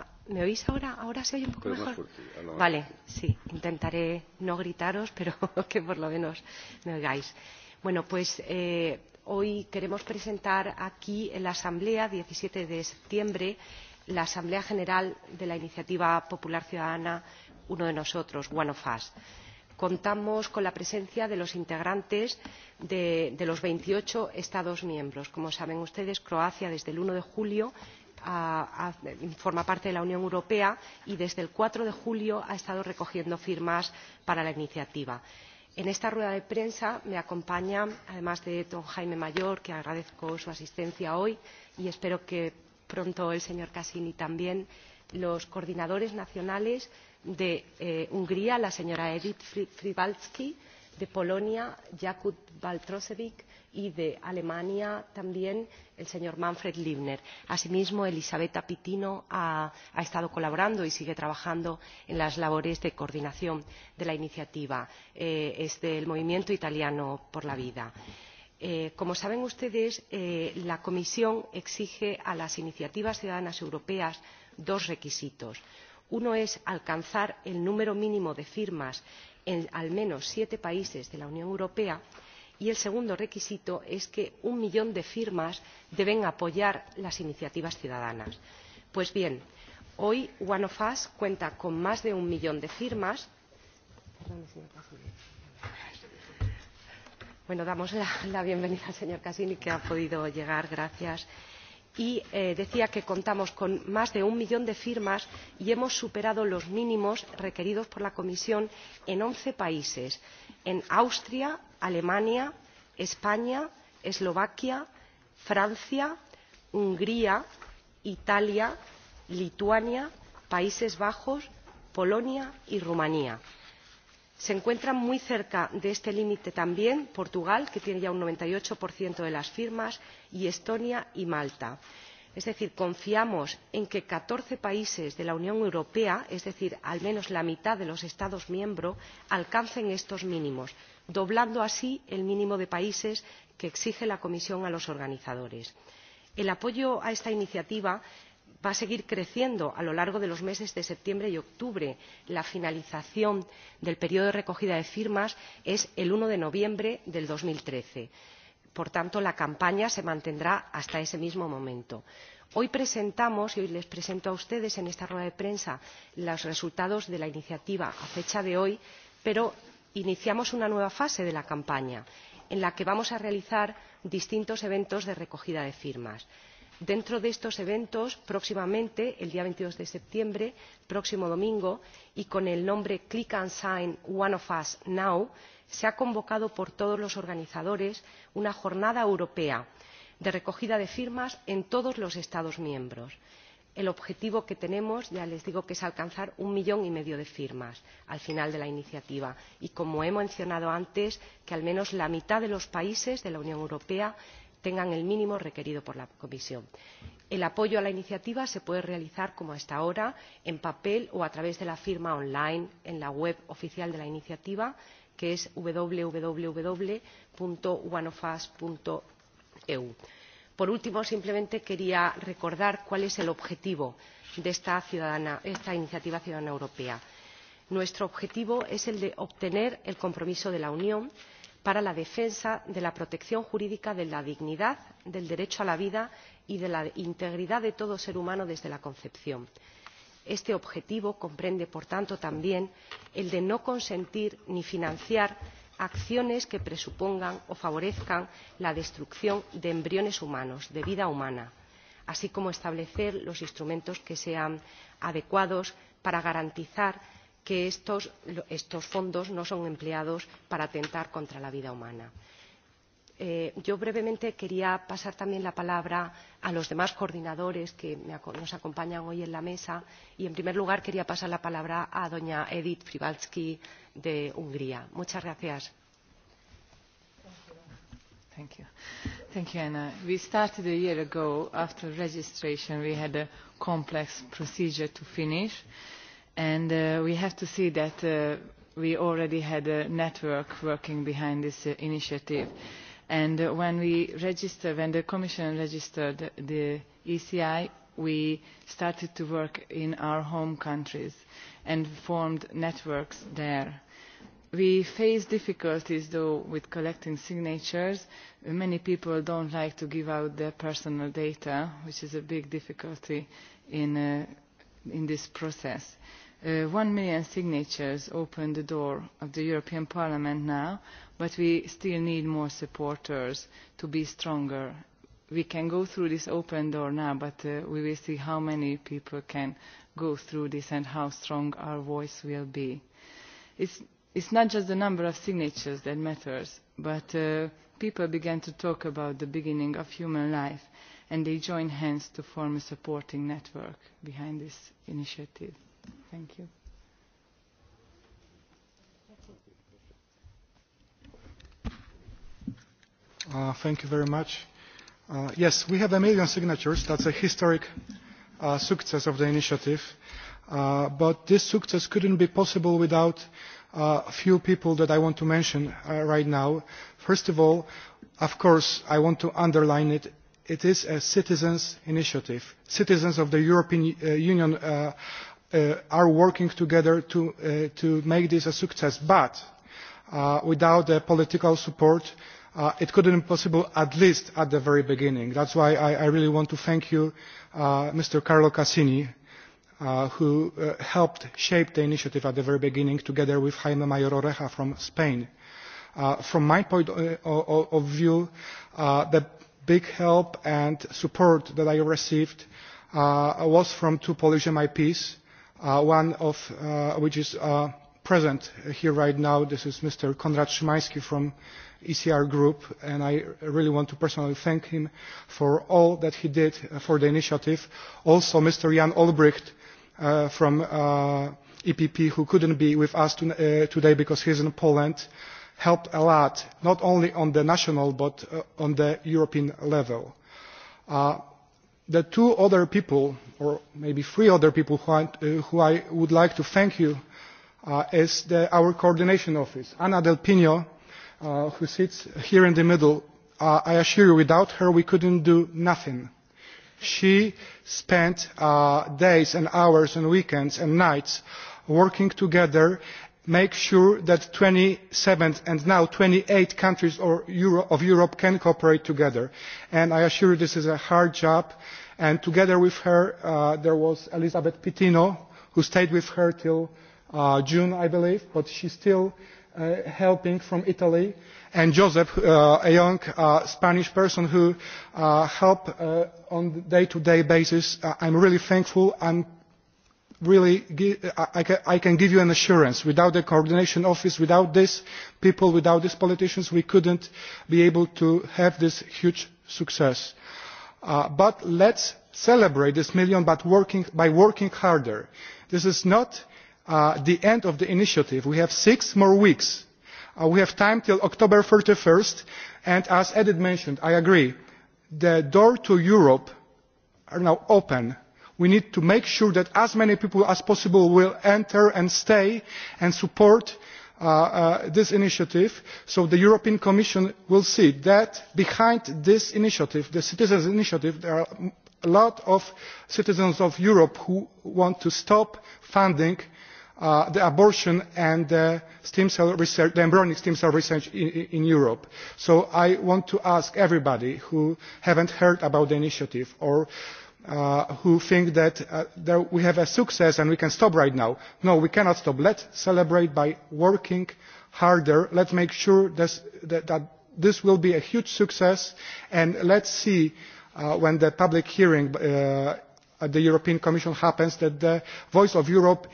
está. ¿Me oís ahora? ¿Ahora se oye un poco mejor? Vale, sí, intentaré no gritaros, pero que por lo menos me oigáis. Bueno, pues hoy queremos presentar aquí en la Asamblea, 17 de septiembre, la Asamblea General de la Iniciativa Popular Ciudadana, uno de nosotros, One of Us. Contamos con la presencia de los integrantes de, de los 28 Estados miembros. Como saben ustedes, Croacia desde el 1 de julio forma parte de la Unión Europea y desde el 4 de julio ha estado recogiendo firmas para la iniciativa. En esta rueda de prensa me acompaña, además de don Jaime Mayor, que agradezco su asistencia hoy y espero que pronto el señor Cassini también, los coordinadores nacionales de Hungría, la señora Edith Fribalski, de Polonia, Jakub Baltrosevic, y de Alemania también el señor Manfred Liebner. Asimismo, Elisabetta Pitino ha estado colaborando y sigue trabajando en las labores de coordinación de la iniciativa. Es del Movimiento Italiano por la Vida. Como saben ustedes, la Comisión exige a las iniciativas ciudadanas europeas dos requisitos. Uno es alcanzar el número mínimo de firmas en al menos siete países de la Unión Europea y el segundo requisito es que un millón de firmas deben apoyar las iniciativas ciudadanas. pues bien hoy one of us cuenta con más de un millón de firmas bueno damos la bienvenida al señor casini que ha podido llegar gracias y decía que contamos con más de un millón de firmas y hemos superado los mínimos requeridos por la comisión en once países en austria alemania españa eslovaquia francia hungría italia lituania países bajos polonia y rumanía se encuentran muy cerca de este límite también portugal que tiene ya un 98 de las firmas y estonia y malta. es decir confiamos en que catorce países de la unión europea es decir al menos la mitad de los estados miembros alcancen estos mínimos doblando así el mínimo de países que exige la comisión a los organizadores. el apoyo a esta iniciativa va a seguir creciendo a lo largo de los meses de septiembre y octubre la finalización del periodo de recogida de firmas es el uno de noviembre de dos mil trece por tanto la campaña se mantendrá hasta ese mismo momento. hoy presentamos y hoy les presento a ustedes en esta rueda de prensa los resultados de la iniciativa a fecha de hoy pero iniciamos una nueva fase de la campaña en la que vamos a realizar distintos eventos de recogida de firmas dentro de estos eventos próximamente el día 22 de septiembre próximo domingo y con el nombre click and sign one of us now se ha convocado por todos los organizadores una jornada europea de recogida de firmas en todos los estados miembros el objetivo que tenemos ya les digo que es alcanzar un millón y medio de firmas al final de la iniciativa y como he mencionado antes que al menos la mitad de los países de la unión europea tengan el mínimo requerido por la Comisión. El apoyo a la iniciativa se puede realizar, como hasta ahora, en papel o a través de la firma online en la web oficial de la iniciativa, que es www.oneofas.eu. Por último, simplemente quería recordar cuál es el objetivo de esta iniciativa ciudadana europea. Nuestro objetivo es el de obtener el compromiso de la Unión para la defensa de la protección jurídica de la dignidad del derecho a la vida y de la integridad de todo ser humano desde la concepción. este objetivo comprende por tanto también el de no consentir ni financiar acciones que presupongan o favorezcan la destrucción de embriones humanos de vida humana así como establecer los instrumentos que sean adecuados para garantizar que estos fondos no son empleados para atentar contra la vida humana. Yo brevemente quería pasar también la palabra a los demás coordinadores que nos acompañan hoy en la mesa y, en primer lugar, quería pasar la palabra a doña Edith Fribalski de Hungría. Muchas gracias. Anna. We had complex procedure to finish and we have to see that we already had a network working behind this initiative and when we registered when the commission registered the eci we started to work in our home countries and formed networks there we face difficulties though with collecting signatures many people don't like to give out their personal data which is a big difficulty in in this process. One million signatures open the door of the European Parliament now, but we still need more supporters to be stronger. We can go through this open door now, but we will see how many people can go through this and how strong our voice will be. It is not just the number of signatures that matters, but people began to talk about the beginning of human life and they join hands to form a supporting network behind this initiative. Thank you. Thank you very much. Yes, we have a million signatures. That's a historic success of the initiative. But this success couldn't be possible without a few people that I want to mention right now. First of all, of course, I want to underline it it is a citizens' initiative. Citizens of the European Union are working together to make this a success, but without the political support it could not be possible at least at the very beginning. That is why I really want to thank you, Mr. Carlo Cassini, who helped shape the initiative at the very beginning together with Jaime Mayor Oreja from Spain. From my point of view, the big help and support that I received was from two Polish MIPs, one of which is present here right now. This is Mr. Konrad Szymański from ECR Group, and I really want to personally thank him for all that he did for the initiative. Also, Mr. Jan Olbricht from EPP, who couldn't be with us today because he's in Poland helped a lot, not only on the national but on the European level. The two other people, or maybe three other people who I would like to thank you is our coordination office, Ana Del Pino, who sits here in the middle. I assure you, without her we couldn't do nothing. She spent days and hours and weekends and nights working together make sure that twenty seven and now twenty eight countries of europe can cooperate together and i assure you this is a hard job and together with her there was elisabeth pitino who stayed with her till june i believe but she is still helping from italy and josep a young spanish person who helped on a day to day basis. I am really thankful and really I can give you an assurance without the coordination office, without these people, without these politicians, we not be able to have this huge success. But let's celebrate this million by working harder. This is not the end of the initiative. We have six more weeks. We have time till October 31st, and as edit mentioned, I agree, the door to Europe are now open we need to make sure that as many people as possible will enter and stay and support this initiative so the european commission will see that behind this initiative the citizens' initiative there are a lot of citizens of europe who want to stop funding the abortion and embryonic stem cell research in europe. so i want to ask everybody who has not heard about the initiative or who think that we have a success and we can stop right now. No, we cannot stop. Let's celebrate by working harder. Let's make sure that this will be a huge success and let's see when the public hearing at the European Commission happens that the voice of Europe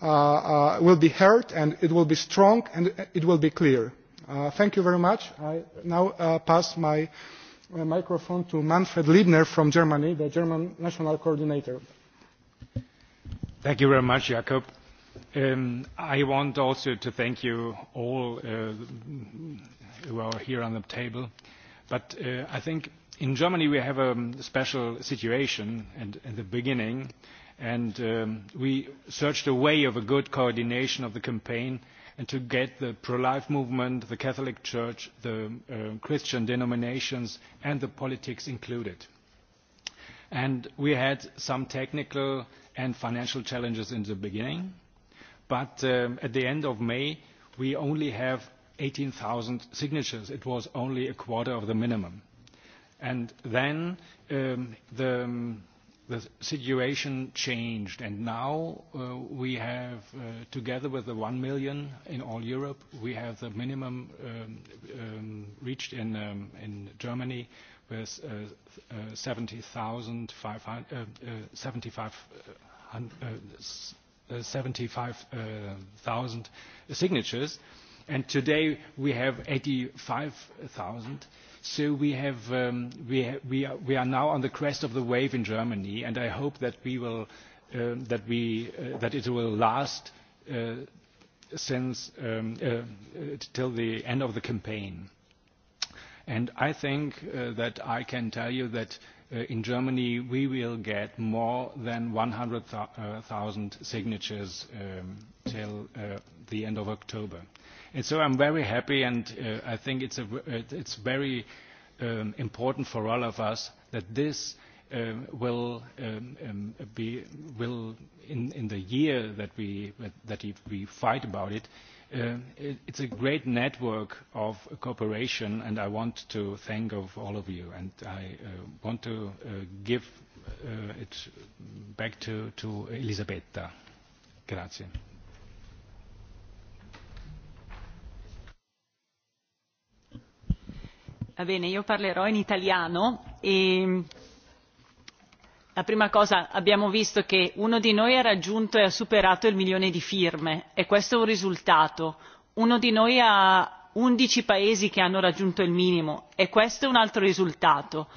will be heard and it will be strong and it will be clear. Thank you very much. I now pass my microphone to Manfred Liebner from Germany, the German national coordinator. Thank you very much, Jakob. I want also to thank you all who are here on the table. But I think in Germany we have a special situation at the beginning, and we searched a way of a good coordination of the campaign and to get the pro-life movement, the Catholic Church, the Christian denominations and the politics included. And we had some technical and financial challenges in the beginning, but at the end of May we only have 18,000 signatures. It was only a quarter of the minimum. And then the the situation changed and now we have together with the 1 million in all Europe we have the minimum reached in in Germany with 75,000 signatures and today we have 85,000 So we are now on the crest of the wave in Germany, and I hope that it will last till the end of the campaign. And I think that I can tell you that in Germany we will get more than 100,000 signatures till the end of October. And so I'm very happy and I think it's it's very important for all of us that this will be will in the year that we that we fight about it it's a great network of cooperation and i want to thank of all of you and i want to give it back to to elisabetta grazie va bene io parlerò in italiano e la prima cosa abbiamo visto che uno di noi ha raggiunto e ha superato il milione di firme e questo è un risultato uno di noi ha undici paesi che hanno raggiunto il minimo e questo è un altro risultato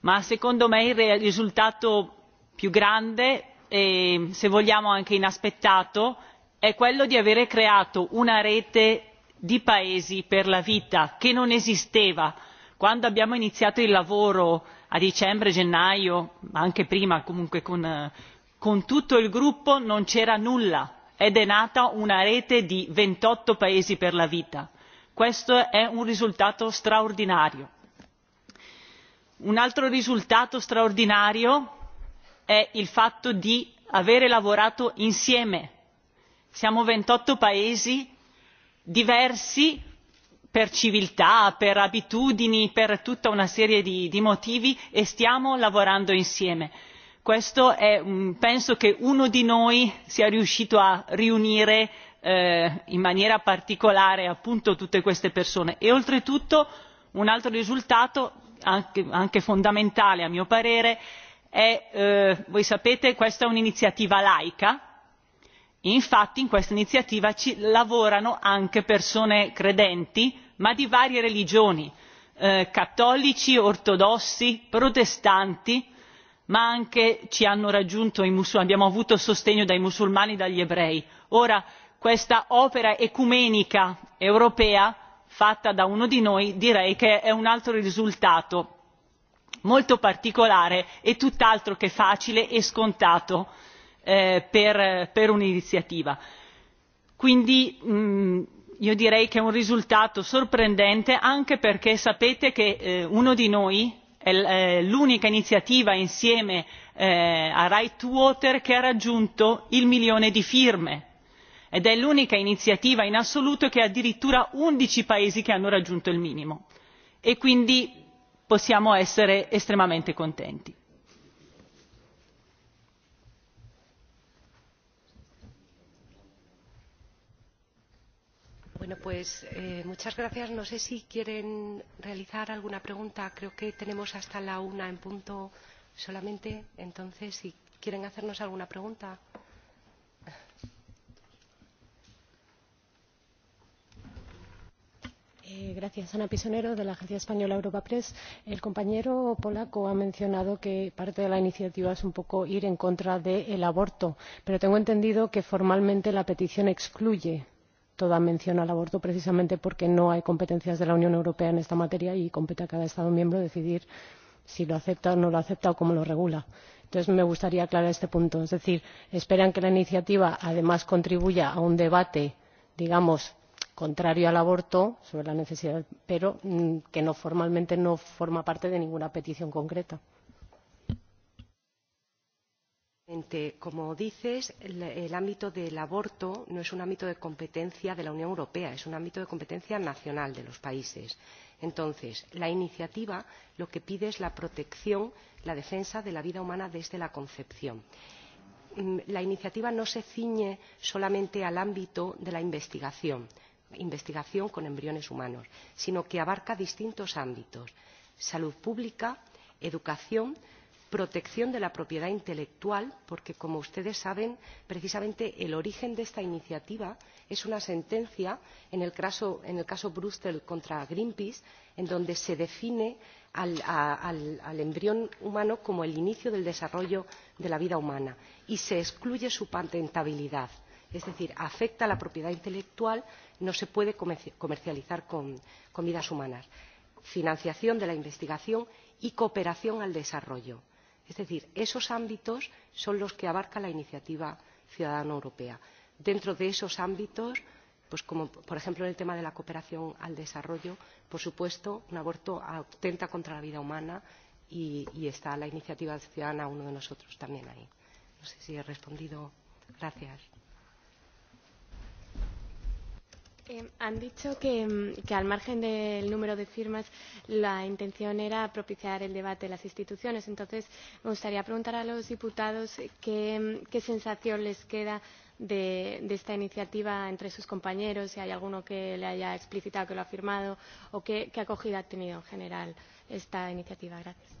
ma secondo me il risultato più grande e se vogliamo anche inaspettato è quello di avere creato una rete di paesi per la vita che non esisteva quando abbiamo iniziato il lavoro a dicembre gennaio ma anche prima comunque con tutto il gruppo non c'era nulla ed è nata una rete di 28 paesi per la vita. questo è un risultato straordinario. un altro risultato straordinario è il fatto di avere lavorato insieme siamo ventotto paesi diversi per civiltà per abitudini per tutta una serie di motivi e stiamo lavorando insieme. questo è penso che uno di noi sia riuscito a riunire in maniera particolare appunto tutte queste persone e oltretutto un altro risultato anche fondamentale a mio parere è voi sapete questa è un'iniziativa laica infatti in questa iniziativa ci lavorano anche persone credenti ma di varie religioni cattolici ortodossi protestanti ma anche ci hanno raggiunto abbiamo avuto sostegno dai musulmani e dagli ebrei. ora questa opera ecumenica europea fatta da uno di noi direi che è un altro risultato molto particolare e tutt'altro che facile e scontato per un'iniziativa. Quindi io direi che è un risultato sorprendente anche perché sapete che uno di noi è l'unica iniziativa insieme a Right to Water che ha raggiunto il milione di firme ed è l'unica iniziativa in assoluto che ha addirittura 11 paesi che hanno raggiunto il minimo e quindi possiamo essere estremamente contenti. Bueno, pues muchas gracias. No sé si quieren realizar alguna pregunta. Creo que tenemos hasta la una en punto solamente. Entonces, si quieren hacernos alguna pregunta. Gracias, Ana Pisonero, de la Agencia Española Europa Press. El compañero polaco ha mencionado que parte de la iniciativa es un poco ir en contra del aborto, pero tengo entendido que formalmente la petición excluye toda mención al aborto precisamente porque no hay competencias de la Unión Europea en esta materia y compete a cada Estado miembro decidir si lo acepta o no lo acepta o cómo lo regula. Entonces, me gustaría aclarar este punto. Es decir, esperan que la iniciativa además contribuya a un debate, digamos, contrario al aborto sobre la necesidad, pero que no formalmente no forma parte de ninguna petición concreta. Como dices, el ámbito del aborto no es un ámbito de competencia de la Unión Europea, es un ámbito de competencia nacional de los países. Entonces, la iniciativa lo que pide es la protección, la defensa de la vida humana desde la concepción. La iniciativa no se ciñe solamente al ámbito de la investigación, investigación con embriones humanos, sino que abarca distintos ámbitos salud pública, educación protección de la propiedad intelectual porque como ustedes saben precisamente el origen de esta iniciativa es una sentencia en el caso Brussel contra greenpeace en donde se define al embrión humano como el inicio del desarrollo de la vida humana y se excluye su patentabilidad es decir afecta a la propiedad intelectual no se puede comercializar con vidas humanas financiación de la investigación y cooperación al desarrollo. Es decir, esos ámbitos son los que abarca la iniciativa ciudadana europea. Dentro de esos ámbitos, pues como por ejemplo en el tema de la cooperación al desarrollo, por supuesto, un aborto atenta contra la vida humana y, y está la iniciativa ciudadana, uno de nosotros también ahí. No sé si he respondido. Gracias. Han dicho que, que al margen del número de firmas la intención era propiciar el debate de las instituciones. Entonces, me gustaría preguntar a los diputados qué, qué sensación les queda de, de esta iniciativa entre sus compañeros, si hay alguno que le haya explicitado que lo ha firmado o qué, qué acogida ha tenido en general esta iniciativa. Gracias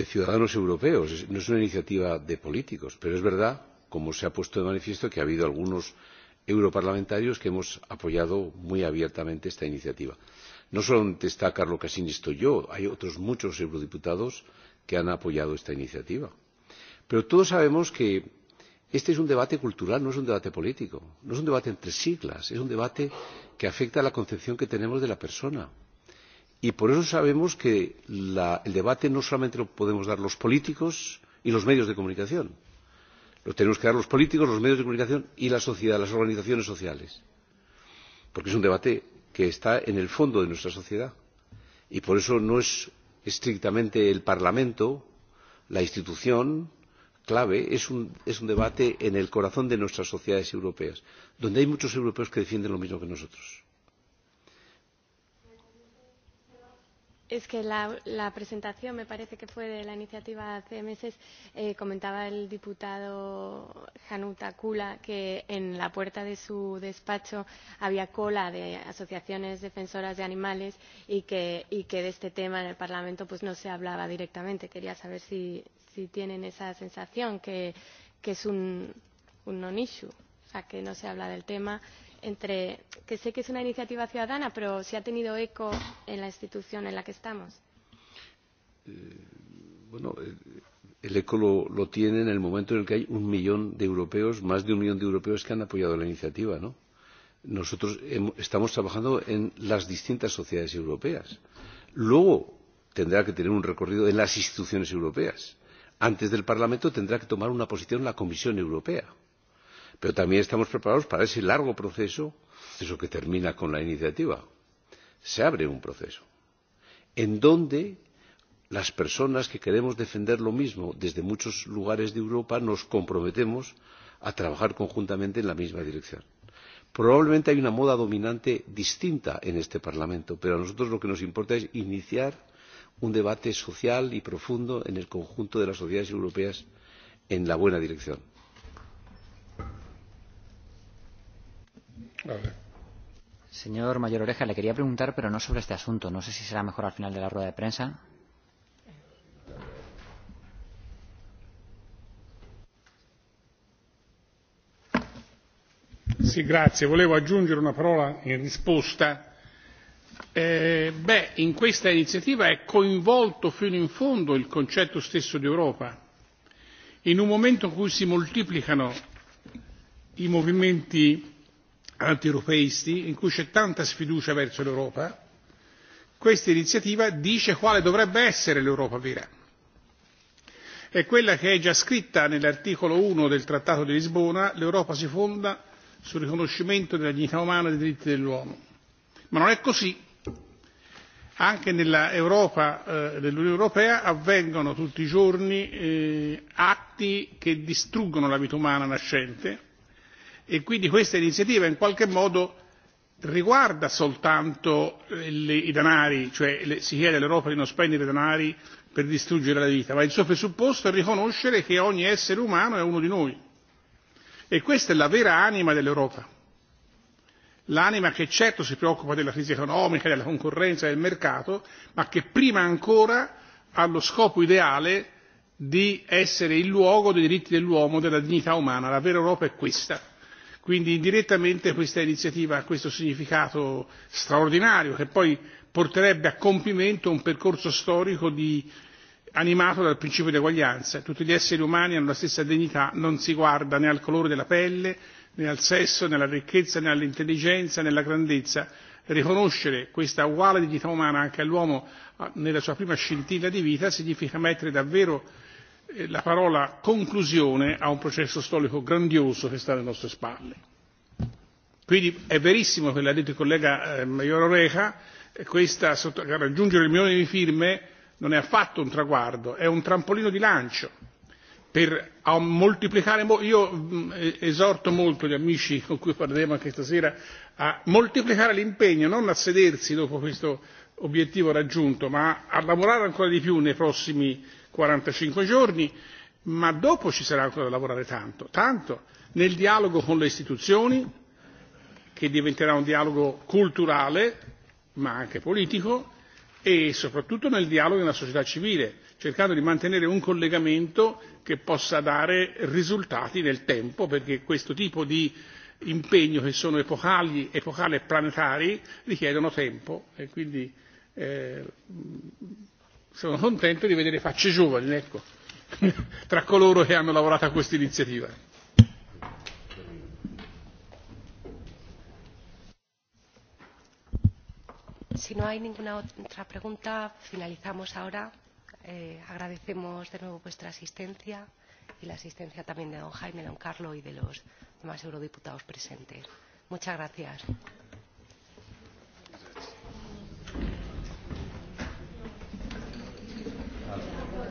de ciudadanos europeos, no es una iniciativa de políticos, pero es verdad, como se ha puesto de manifiesto, que ha habido algunos europarlamentarios que hemos apoyado muy abiertamente esta iniciativa. No solamente está Carlo Casini, estoy yo, hay otros muchos eurodiputados que han apoyado esta iniciativa. Pero todos sabemos que este es un debate cultural, no es un debate político, no es un debate entre siglas, es un debate que afecta a la concepción que tenemos de la persona Y por eso sabemos que el debate no solamente lo podemos dar los políticos y los medios de comunicación. Lo tenemos que dar los políticos, los medios de comunicación y la sociedad, las organizaciones sociales. Porque es un debate que está en el fondo de nuestra sociedad. Y por eso no es estrictamente el Parlamento, la institución clave, es un debate en el corazón de nuestras sociedades europeas, donde hay muchos europeos que defienden lo mismo que nosotros Es que la presentación, me parece que fue de la iniciativa hace meses, comentaba el diputado Januta Kula que en la puerta de su despacho había cola de asociaciones defensoras de animales y que de este tema en el Parlamento no se hablaba directamente. Quería saber si tienen esa sensación, que es un non-issue, o sea, que no se habla del tema entre que sé que es una iniciativa ciudadana, pero si ha tenido eco en la institución en la que estamos. Bueno, el eco lo tiene en el momento en el que hay un millón de europeos, más de un millón de europeos que han apoyado la iniciativa, ¿no? Nosotros estamos trabajando en las distintas sociedades europeas. Luego tendrá que tener un recorrido en las instituciones europeas. Antes del Parlamento tendrá que tomar una posición la Comisión Europea Pero también estamos preparados para ese largo proceso, eso que termina con la iniciativa. Se abre un proceso en donde las personas que queremos defender lo mismo desde muchos lugares de Europa nos comprometemos a trabajar conjuntamente en la misma dirección. Probablemente hay una moda dominante distinta en este Parlamento, pero a nosotros lo que nos importa es iniciar un debate social y profundo en el conjunto de las sociedades europeas en la buena dirección. Señor Mayor Oreja, le quería preguntar, pero no sobre este asunto. No sé si será mejor al final de la rueda de prensa. Sì, grazie. Volevo aggiungere una parola in risposta. Beh, in questa iniziativa è coinvolto fino in fondo il concetto stesso di Europa. In un momento in cui si moltiplicano i movimenti antieuropeisti in cui c'è tanta sfiducia verso l'Europa, questa iniziativa dice quale dovrebbe essere l'Europa vera. È quella che è già scritta nell'articolo 1 del Trattato di Lisbona, l'Europa si fonda sul riconoscimento della dignità umana e dei diritti dell'uomo. Ma non è così. Anche nell'Europa dell'Unione Europea avvengono tutti i giorni atti che distruggono la vita umana nascente e quindi questa iniziativa in qualche modo riguarda soltanto i denari cioè si chiede all'Europa di non spendere denari per distruggere la vita ma il suo presupposto è riconoscere che ogni essere umano è uno di noi e questa è la vera anima dell'Europa l'anima che certo si preoccupa della crisi economica della concorrenza del mercato ma che prima ancora ha lo scopo ideale di essere il luogo dei diritti dell'uomo della dignità umana la vera Europa è questa Quindi indirettamente questa iniziativa ha questo significato straordinario che poi porterebbe a compimento un percorso storico animato dal principio di eguaglianza. Tutti gli esseri umani hanno la stessa dignità, non si guarda né al colore della pelle, né al sesso, né alla ricchezza, né all'intelligenza, né alla grandezza. Riconoscere questa uguale dignità umana anche all'uomo nella sua prima scintilla di vita significa mettere davvero la parola conclusione a un processo storico grandioso che sta alle nostre spalle. Quindi è verissimo quello che ha detto il collega Maior Oreja, raggiungere il milione di firme non è affatto un traguardo, è un trampolino di lancio per moltiplicare. Io esorto molto gli amici con cui parleremo anche stasera a moltiplicare l'impegno, non a sedersi dopo questo obiettivo raggiunto, ma a lavorare ancora di più nei prossimi 45 giorni, ma dopo ci sarà ancora da lavorare tanto, tanto nel dialogo con le istituzioni, che diventerà un dialogo culturale, ma anche politico, e soprattutto nel dialogo con la società civile, cercando di mantenere un collegamento che possa dare risultati nel tempo, perché questo tipo di impegno che sono epocali e planetari richiedono tempo e quindi sono contento di vedere facce giovani ecco, tra coloro che hanno lavorato a questa iniziativa. Si no hay ninguna otra pregunta, finalizamos ahora. Eh, agradecemos de nuevo vuestra asistencia y la asistencia también de don Jaime, don Carlos y de los demás eurodiputados presentes. Muchas gracias.